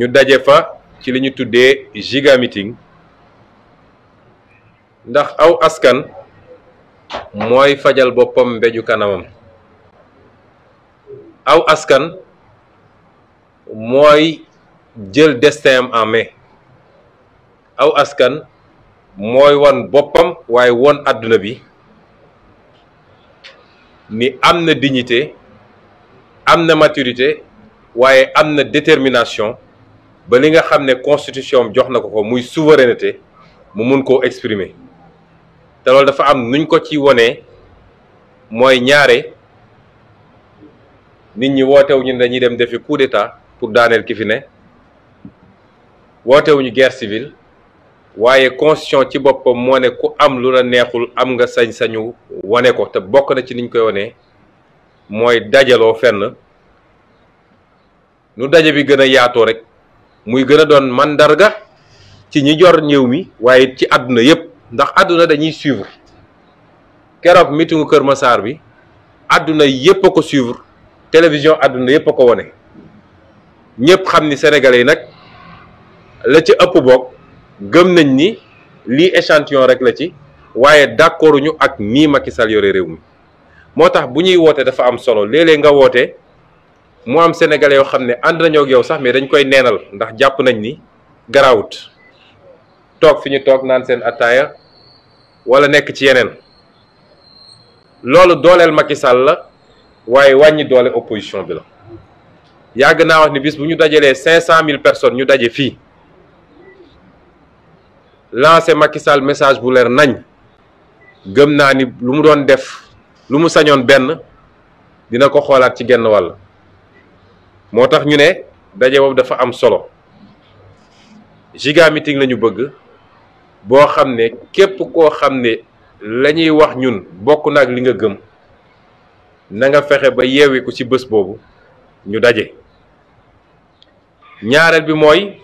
ñu daje fa ci li ñu tuddee giga meeting ndax aw askan mooy fajal boppam mbéju kanamam aw askan mooy jël destin am en main aw askan mooy wan boppam waaye won àdduna bi ni am na dignité am na maturité waaye am na détermination ba li nga xam ne constitution jox na ko ko muy souveraineté mu mun koo exprimer te loolu dafa am nuñ ko ci wonee mooy ñaare nit ñi wootewuñu ne dañuy dem defi de d'état pour daaneel ki fi ne wootewuñu guerre civile waaye constitution ci boppam moo ne ku am lu la neexul am nga sañ-sañu wane ko te bokk na ci niñ koy wonee mooy dajaloo fenn nu daje bi gën a yaatoo rek muy gën a doon mandarga ci ñi jor ñëw mi waaye ci àdduna yépp ndax àdduna dañuy suivre keroog meetingu Kër Massar bi àdduna yépp a ko suivre télévision àdduna yépp a ko wone ñépp xam ni sénégalais yi nag la ci ëpp boog gëm nañ ni lii échantillon rek la ci waaye d'accorduñu ak nii Macky yore réew mi moo tax bu ñuy woote dafa am solo léeg nga woote mu am sénégalais yoo xam ne ànd nañoo ak yow sax mais dañ koy neenal ndax jàpp nañ ni garawut toog fi ñu toog naan seen attaaya wala nekk ci yeneen loolu dooleel Macky Sall la waaye wàññi doole opposition bi la yàgg naa wax ni bis bu ñu dajalee cinq cent mille personnes ñu daje fii lancé Macky message bu leer nañ gëm naa ni lu mu doon def lu mu sañoon benn dina ko xoolaat ci genn wàll moo tax ñu ne daje boobu dafa am solo giga meeting la ñu bëgg boo xam ne képp koo xam ne lañuy wax ñun bokk na ak li nga gëm na nga fexe ba yeewiku ci bés boobu ñu daje ñaareel bi mooy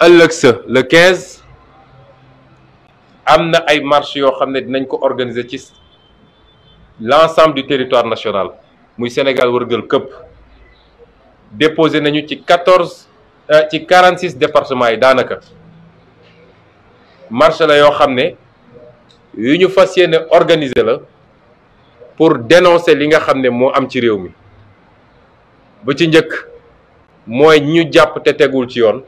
ëllëg sa le 15 am na ay marche yoo xam ne dinañ ko organiser ci l'ensemble du territoire national muy Sénégal wërgal këpp déposé nañu ci quatorze euh, ci quarante six département yi daanaka marché la yoo xam ne yu ñu fas yéene organiser la pour dénonsé li nga xam ne moo am ci réew mi bu ci njëkk mooy ñu jàpp te tegul ci yoon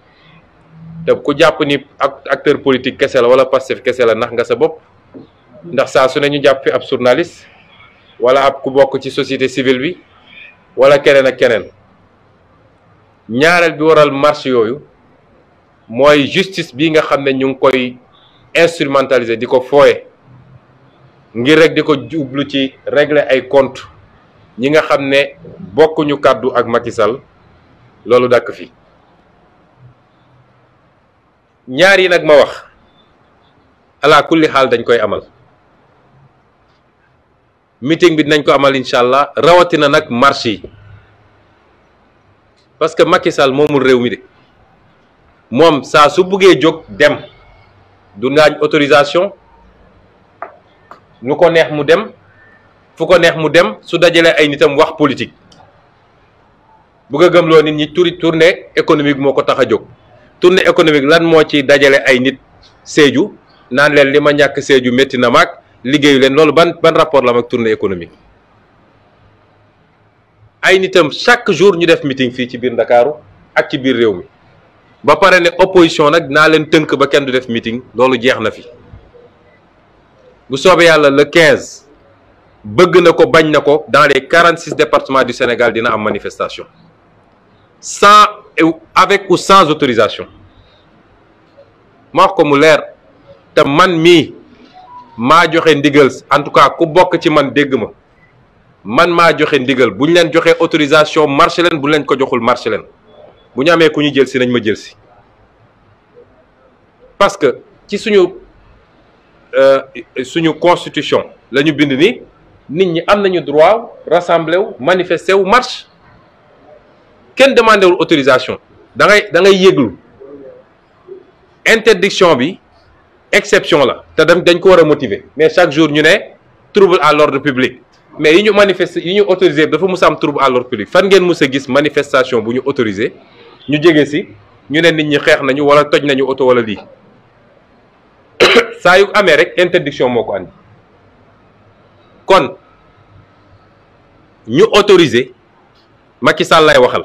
te ku jàpp ni ak acteur politique kese la wala Pastef kese la nax nga sa bopp ndax saa su ne ñu jàpp fi ab journaliste wala ab ku bokk ci société civile bi wala keneen ak keneen ñaareel bi waral marche yooyu mooy justice bi nga xam ne ñu ngi koy instrumentaliser di ko fooye ngir rek di ko jublu ci régler ay compte ñi nga xam ne bokkuñu kàddu ak Macky loolu dàkk fii ñaar yi nag ma wax ala kulli xaal dañ koy amal meeting bi dañ ko amal incha allah rawatina nag marche yi parce que Macky Sall moomul réew mi de moom saa su buggee jóg dem du naaj autorisation lu ko neex mu dem fu ko neex mu dem su dajalee ay nitam wax politique bugg a gëmloo nit ñi turi tournée économique moo ko tax a jóg tournée économique lan moo ci dajale ay nit Sédhiou naan leen li ma ñàkk Sédhiou métti na maag liggéeyu leen loolu ban ban rapport la mag tournée économique ay nitam chaque jour ñu def meeting fii ci biir ndakaaru ak ci biir réew mi ba pare ne opposition nag naa leen tënk ba kenn du def meeting loolu jeex na fi bu soobee yàlla le 15 bëgg na ko bañ na ko dans quarante 46 départements du Sénégal dina am manifestation sans avec ou sans autorisation ma wax ko mu leer te man mii maa joxe ndigal en tout cas ku bokk ci man dégg ma. man maa joxe ndigal bu ñu leen joxee autorisation marché leen bu ñu leen ko joxul marché leen bu ñu amee ku ñu jël si nañ ma jëlsi si parce que ci suñu euh, suñu constitution la ñu bind ni nit ñi am nañu droit rassembler wu manifester wu marche kenn demandé wul autorisation da ngay da ngay yëglu interdiction bi exception la te dem dañ ko war a motiver mais chaque jour ñu ne trouble à l'ordre public mais yi ñu manifester yi ñu autorisé dafa mus am trouble à l'ordre public fan ngeen mus gis manifestation bu ñu autorisé ñu jege si ñu ne nit ñi xeex nañu wala toj nañu oto wala lii saa yu amee rek interdiction moo ko andi kon ñu autorisé Macky Sall lay waxal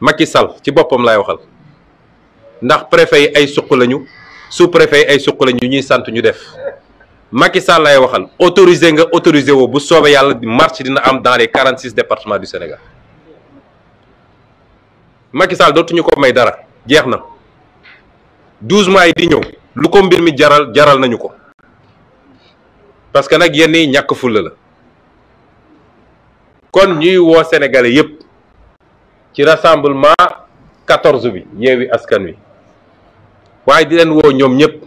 Macky Sall ci boppam lay waxal ndax préfet yi ay suq lañu sous préfet yi ay suq lañu ñuy sant ñu def. Macky Sall lay waxal autorisé nga autorisé woo bu soobee yàlla marché dina am dans les quarante six départements du Sénégal Macky Sall dootuñu ko may dara jeex na douze mois yi di ñëw lu ko mbir mi jaral jaral nañu ko parce que nag yenn yi ñàkk fulla la kon ñuy woo sénégalais yépp ci rassemblement quatorze bi yeewi askan wi waaye di leen woo ñoom ñépp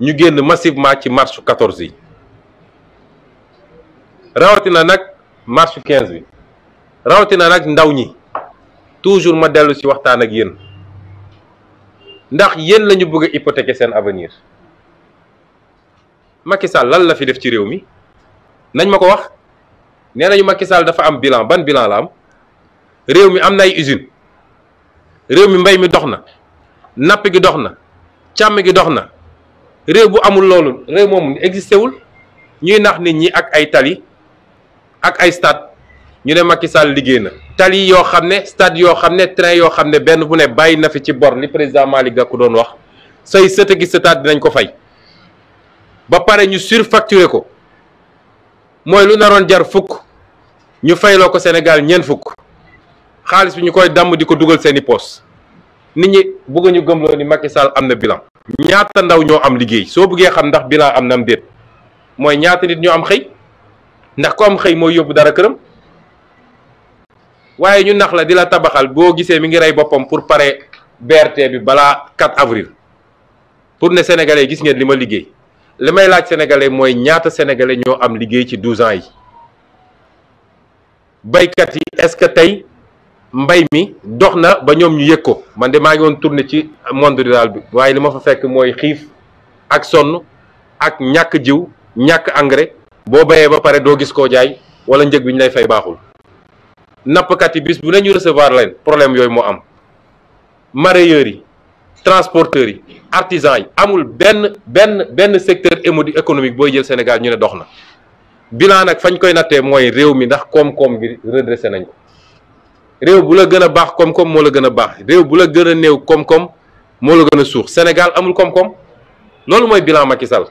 ñu génn massivement ci marche 14 yi rawatina nag marche 15 bi rawatina nag ndaw ñi toujours ma dellu ci waxtaan ak yéen ndax yéen lañu ñu bëgg a hypothéquer seen avenir Macky Sall lan la fi def ci réew mi nañ ma ko wax nee nañu Macky Sall dafa am bilan ban bilan la am réew mi am na ay usine réew mi mbay mi dox na napp gi dox na càmm gi dox na. réew bu amul loolu réew moomu existé wul ñuy nax nit ñi ak ay tali ak ay stade ñu ne makki Sall liggéey na tali yoo xam ne stade yoo xam ne train yoo xam ne benn bu ne bàyyi na fi ci bor li président Malick Gakou doon wax say sëtë gi stade dinañ ko fay ba pare ñu surfacturé ko mooy lu naroon jar fukk ñu fayloo ko Sénégal ñeent fukk xaalis bi ñu koy dàmm di ko dugal seeni poos nit ñi bëgg ñu gëmloo ni makki Sall am na bilan ñaata ndaw ñoo am liggéey soo bëggee xam ndax bi bilan am na am mooy ñaata nit ñoo am xëy ndax ko am xëy mooy yóbbu dara këram waaye ñu nax la di la tabaxal boo gisee mi ngi rey boppam pour pare BRT bi balaa kat avril pour ne sénégalais gis ngeen li ma liggéey li may laaj sénégalais mooy ñaata sénégalais ñoo am liggéey ci 12 ans yi baykat yi est-ce que tey mbay mi dox na ba ñoom ñu yëg ko man de maa ngi woon tourné ci monde rural bi waaye li ma fa fekk mooy xiif ak sonn ak ñàkk jiw ñàkk engrais boo béyee ba pare doo gis koo jaay wala njëg bi ñu lay fay baaxul nappkat yi bis bu ne ñu recevoir leen problème yooyu moo am mareyeurs yi transporteurs yi artisans yi amul benn benn benn secteur émodi économique booy jël Sénégal ñu ne dox na bilan nag fañ koy nattee mooy réew mi ndax koom-koom gi redressé nañ réew bu la gën a baax koom-koom moo la gën a baax réew bu la gën a néew koom-koom moo la gën a suux senegal amul koom-koom loolu mooy bilan Macky Sall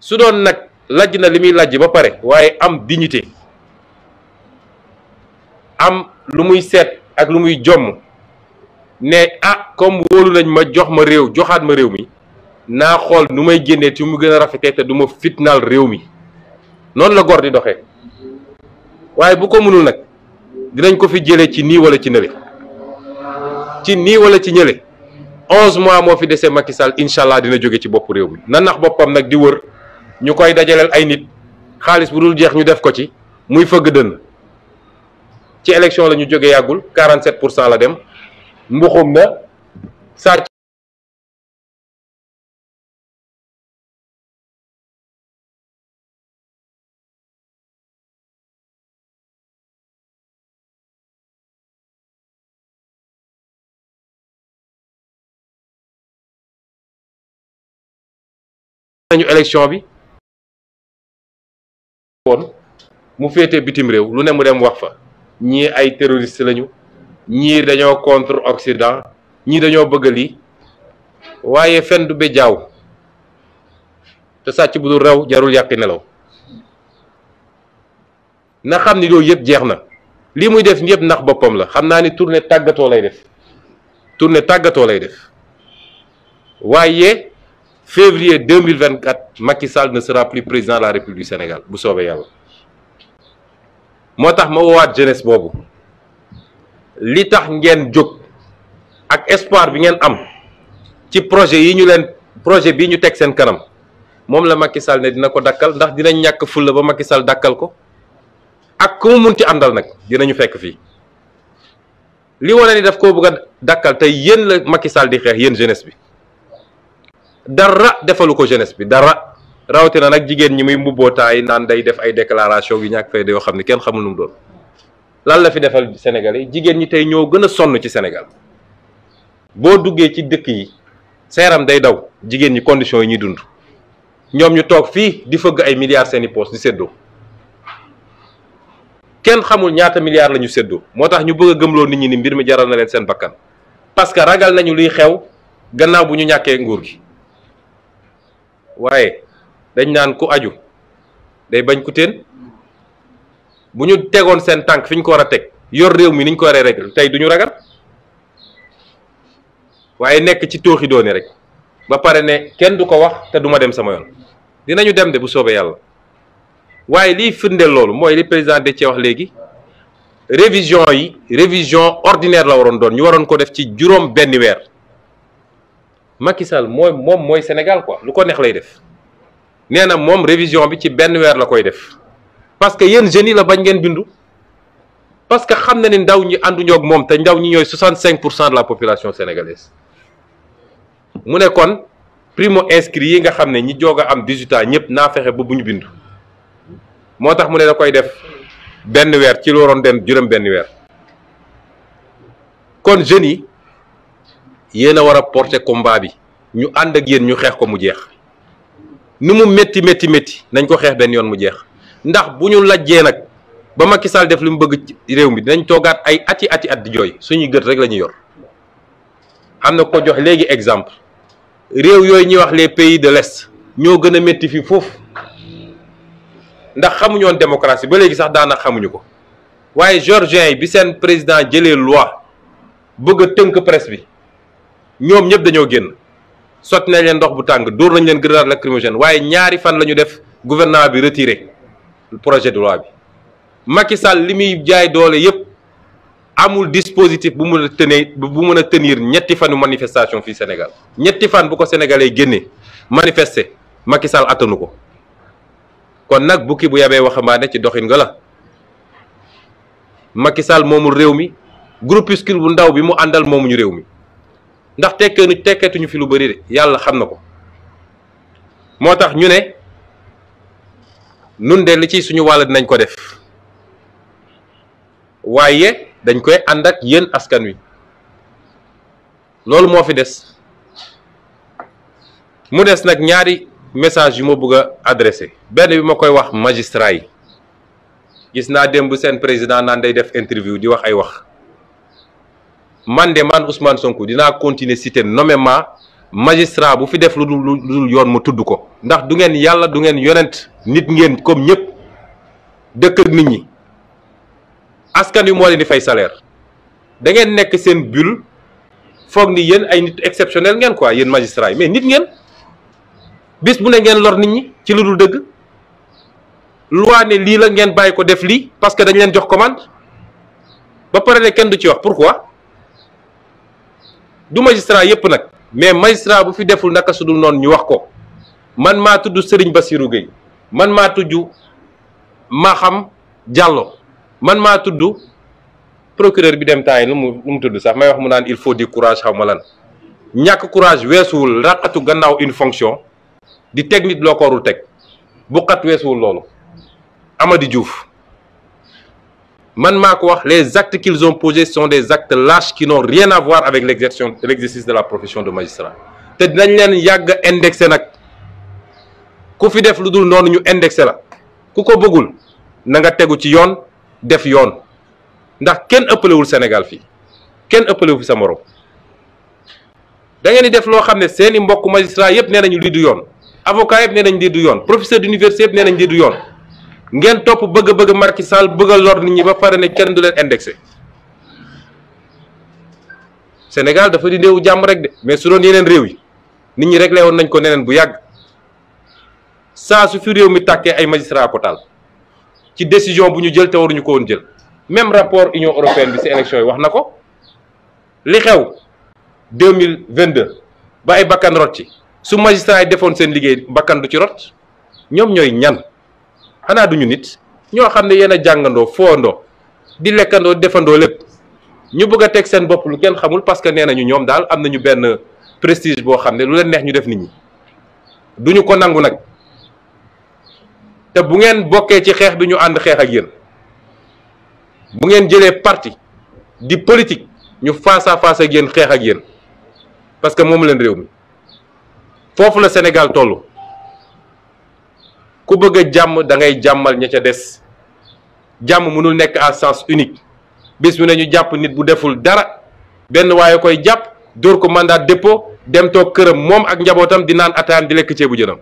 su doon nag lajj na li muy lajj ba pare waaye am dignité am lu muy seet ak lu muy jomm ne ah kom wóolu nañ ma jox ma réew joxaat ma réew mi naa xool nu may génnee ti mu gën a rafetee te du ma fitnaal réew mi noonu la gor di doxee waaye bu ko mënul nag dinañ ko fi jëlee ci nii wala ci nële ci nii wala ci ñële onze mois moo fi desee Macky Sall incha allah dina jóge ci bopp réew mi na boppam nag di wër ñu koy dajaleel ay nit xaalis bu dul jeex ñu def ko ci muy fëgg dënn ci élection la ñu jóge yàggul 47 pour cent la dem mbuxum na sàcc nañu élection bi woon mu féete bitim réew lu ne mu dem wax fa ñii ay terroriste lañu ñii dañoo contre Occident ñii dañoo bëgg lii waaye fen du be jaaw te sàcc bu dul raw jarul yàqi nelaw na xam ni loolu yëpp jeex na lii muy def ñëpp nax boppam la xam naa ni tournée tàggatoo lay def tournée tàggatoo lay def waaye février 2024 Macky Sall ne sera plus président de la République du Sénégal bu soobee yàlla moo tax ma woowaat jeunesse boobu li tax ngeen jóg ak espoir bi ngeen am ci projet yi ñu leen projet bii ñu teg seen kanam moom la Macky Sall ne dina ko dakkal ndax dinañ ñàkk fulla ba Macky Sall dakkal ko ak ku mu mun àndal nag dinañu fekk fii li wane ni daf koo bëgg a dakkal tey yéen la Macky Sall di xeex yéen jeunesse bi. dara defalu ko jeunesse bi dara rawatina nag jigéen ñi muy mbubbootaay naan day def ay déclaration yu ñàkk fayda yoo xam ne kenn xamul nu mu doon lan la fi defal Sénégal yi jigéen ñi tey ñoo gën a sonn ci Sénégal boo duggee ci dëkk yi seeram day daw jigéen ñi conditions yi ñuy dund ñoom ñu toog fii di fëgg ay milliards seeni poos di séddoo kenn xamul ñaata milliards la ñu séddoo moo tax ñu bëgg a gëmloo nit ñi ni mbir mi jaral na leen seen bakkan parce que ragal nañu luy xew gannaaw bu ñu ñàkkee nguur gi waaye dañ naan ku aju day bañ ku teen bu ñu tegoon seen tànk fi ñu ko war a teg yor réew mi ni ñu ko waree rek tey du ñu ragal waaye nekk ci tooxi doone rek ba pare ne kenn du ko wax te duma dem sama yoon dinañu dem de bu soobee yàlla waaye liy firndeel loolu mooy li président Déthié wax léegi révision yi révision ordinaire la waroon doon ñu waroon ko def ci juróom benn weer Macky Sall mooy moom mooy Sénégal ko lu ko neex lay def nee na moom révision bi ci benn weer la koy def parce que yéen jeunes yi la bañ ngeen bindu parce que xam na ne ndaw ñi ànduñoo ak moom te ndaw ñi ñooy 65 pour cent de la population sénégalaise mu ne kon primo inscrit yi nga xam ne ñi joog a am 18 ans ñëpp naa fexe ba bu ñu bindu moo tax mu ne da koy def benn weer ci lu waroon dem juróom benn weer kon jeunes yi. yéen a war a porter combat bi ñu ànd ak yéen ñu xeex ko mu jeex ni mu métti métti métti nañ ko xeex benn yoon mu jeex ndax bu ñu lajjee nag ba Macky Sall def li mu bëgg réew mi dinañ toogaat ay ati ati at di jooy suñuy gët rek la yor am na ko jox léegi exemple réew yooyu ñuy wax les pays de l'Est ñoo gën a métti fii foofu ndax xamuñu woon démocratie ba léegi sax daana xamuñu ko waaye georgien yi bi seen président jëlee loi bëgg tënk press bi ñoom ñëpp dañoo génn sotti nañ leen ndox bu tàng dóor nañ leen grenade lacrymogène waaye ñaari fan la ñu def gouvernement bi retiré projet de loi bi Macky Sall li muy jaay doole yëpp amul dispositif bu mën a tenir bu mën a tenir ñetti fanu manifestation fii Sénégal ñetti fan bu ko sénégalais génnee manifester Macky Sall attanu ko kon nag bukki bu yabee waxambaane ci doxin nga la Macky Sall moomul réew mi groupuscule bu ndaw bi mu àndal moomuñu réew mi. ndax tekkee tekkeetuñu fi lu bëri de yàlla xam na ko moo tax ñu ne nun de li ci suñu wàll dinañ ko def waaye dañ koy ànd ak yéen askan wi loolu moo fi des mu des nag ñaari message yu ma bëgg a adressé benn bi ma koy wax magistrat yi gis naa démb seen président naan day def interview di wax ay wax man de man Ousmane Sonko dinaa continuer citer nommément magistrat bu fi def lu dul lu dul yoon ma tudd ko ndax du ngeen yàlla du ngeen yonent nit ngeen comme ñëpp dëkk nit ñi askan wi moo leen di fay salaire da ngeen nekk seen bulle foog ni yéen ay nit exceptionnel ngeen quoi yéen magistrat yi mais nit ngeen bis bu ne ngeen lor nit ñi ci lu dul dëgg loi ne lii la ngeen bàyyi ko def lii parce que dañ leen jox commande ba pare ne kenn du ci wax pourquoi du magistrat yëpp nag mais magistrat bu fi deful naka sudul noonu ñu wax ko man maa tudd Serigne Bassirou Gueye man maa tudd xam Diallo man maa tudd procureur bi dem temps yi lu mu lu mu tudd sax may wax mu naan il faut di courage xaw ma lan ñàkk courage weesuwul raqatu gannaaw une fonction di teg nit loo teg bu xat weesuwul loolu Amady Diouf. man maa ko wax les actes qu'ils ont posés sont des actes lâches qui n'ont rien à voir avec l'exercice de la profession de magistrat te dinañ leen yàgg indexé nag ku fi def lu dul noonu ñu indexé la ku ko bëggul na nga tegu ci yoon def yoon ndax kenn ëppalewul Sénégal fii kenn ëppalewu fi sa morom da ngeen di def loo xam ne seeni mbokk magistrat yëpp nee nañu lii du yoon avocat yëpp nee nañ lii du yoon professeur d'université yëpp nee nañ lii du yoon ngeen topp bëgg bëgg Macky Sall bëgg a nit ñi ba pare ne kenn du leen indexé Sénégal dafa di néewu jàmm rek de mais su doon yeneen réew yi nit ñi réglé woon nañ ko neneen bu yàgg saa su fi réew mi tàkkee ay magistrat taal ci décision bu ñu jël te waruñu ko woon jël même rapport Union européenne bi ci élection yi wax na ko li xew 2022 ba ay bakkan rot ci su magistrat yi defoon seen liggéey bàkkan du ci rot ñoom ñooy ñan xanaa duñu nit ñoo xam ne yéen a jàngandoo foondoo di lekkandoo defandoo lépp ñu bëgg a teg seen bopp lu kenn xamul parce que nee nañu ñoom daal am nañu benn prestige boo xam ne lu leen neex ñu def nit ñi duñu ko nangu nag te bu ngeen bokkee ci xeex bi ñu ànd xeex ak yéen bu ngeen jëlee parti di politique ñu face à ak yéen xeex ak yéen parce que moom leen réew mi foofu la Sénégal tollu ku bëgg jàmm dangay jàmmal ña ca des jàmm mënul nekk à sens unique bis mu ne ñu jàpp nit bu deful dara benn waaye koy jàpp dóor ko mandat dépôt dem toog këram moom ak njabootam di naan ataayam di lekk ceebu jënam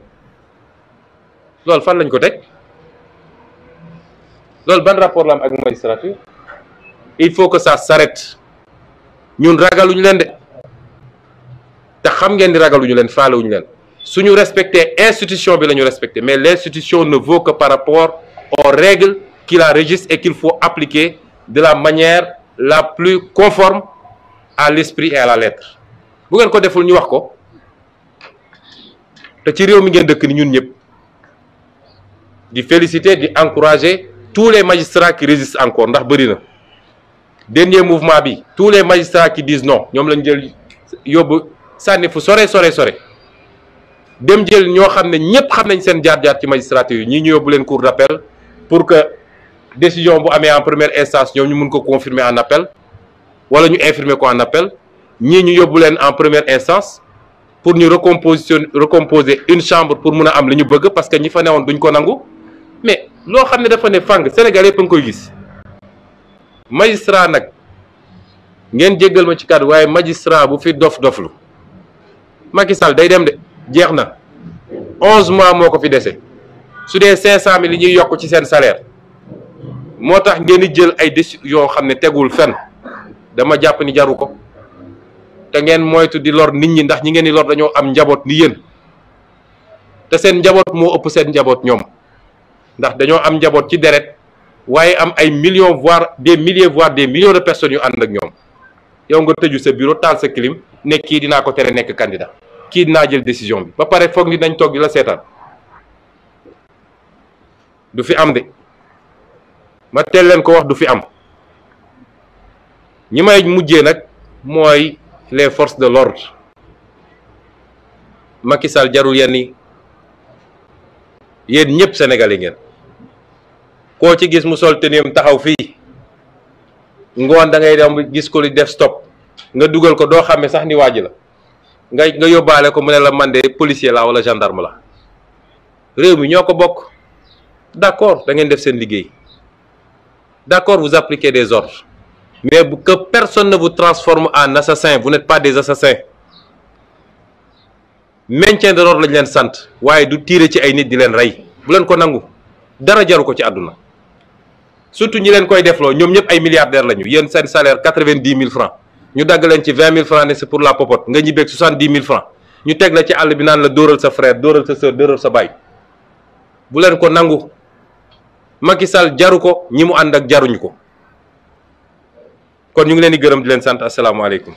loolu fan lañ ko teg loolu ban rapport la ak magistrature il faut que sa saret ñun ragaluñu leen de te xam ngeen ni ragaluñu leen faalewuñu leen suñu respecter institution bi la ñu respecter mais l'institution ne vaut que par rapport aux règles qui la régissent et qu'il faut appliquer de la manière la plus conforme à l'esprit et à la lettre bu ngeen ko deful ñu wax ko te ci réew mi ngeen dëkk ni ñun ñëpp di féliciter di encourager tous les magistrats qui résistent encore ndax bëri na dernier mouvement bi tous les magistrats qui disent non ñoom lañ jël yóbbu sànni fu sore sore sore dem jël ñoo xam ne ñëpp xam nañ seen jaar-jaar ci magistrature yi ñii ñu yóbbu leen cour d'appel pour que décision bu amee en première instance ñoom ñu mun ko confirmer en appel wala ñu infirmer ko en appel ñii ñu yóbbu leen en première instance pour ñu recomposition recomposer une chambre pour mun a am li ñu bëgg parce que ñi fa newoon duñ ko nangu mais loo xam ne dafa ne fang Sénégal yëpp a ngi koy gis magistrat nag ngeen jéggal ma ci kàddu waaye magistra bu fi dof doflu Macky day dem jeex na onze mois moo ko fi dese su dee cinq cent mille yi ñuy yokk ci seen salaire moo tax ngeen di jël ay décisions yoo xam ne tegul fen dama jàpp ni jaru ko te ngeen moytu di lor nit ñi ndax ñi ngeen di lor dañoo am njaboot ni yéen te seen njaboot moo ëpp seen njaboot ñoom ndax dañoo am njaboot ci deret waaye am ay millions voire des milliers voire des millions de personne yu ànd ak ñoom yow nga tëju sa bureau taal sa clim ne kii dinaa ko tere nekk candidat kii naa jël décision bi ba pare foog ni dañ toog la seetaan du fi am de ma teel leen ko wax du fi am ñi may mujjee nag mooy les forces de ma ki sal jarul yenn yi yéen ñëpp sénégalais ngeen koo ci gis mu sol tenue taxaw fii ngoon da ngay dem gis ko li def nga dugal ko doo xam sax ni waa ji la. nga nga yóbbaale ko mu ne la man de policier la wala gendarme la réew mi ñoo ko bokk d'accord da ngeen def seen liggéey d'accord vous appliquez des ordres mais que personne ne vous transforme en assassin vous n'êtes pas des assassins maintien de l'ordre lañ leen sant waaye du tiire ci ay nit di leen rey bu leen ko nangu dara jaru ko ci àdduna surtout ñi leen koy defloo ñoom ñëpp ay milliardaires lañu yéen seen salaire quatre-vingt-dix mille francs ñu dagg leen ci vingt mille francs ne c'est pour la popote nga ñibbeeg soixante dix mille francs ñu teg la ci àll bi naan la dóoral sa frère dóoral sa sœur dóoral sa baay bu leen ko nangu Macky Sall jaru ko ñi mu ànd ak jaruñu ko kon ñu ngi leen di gërëm di leen sant asalaamaaleykum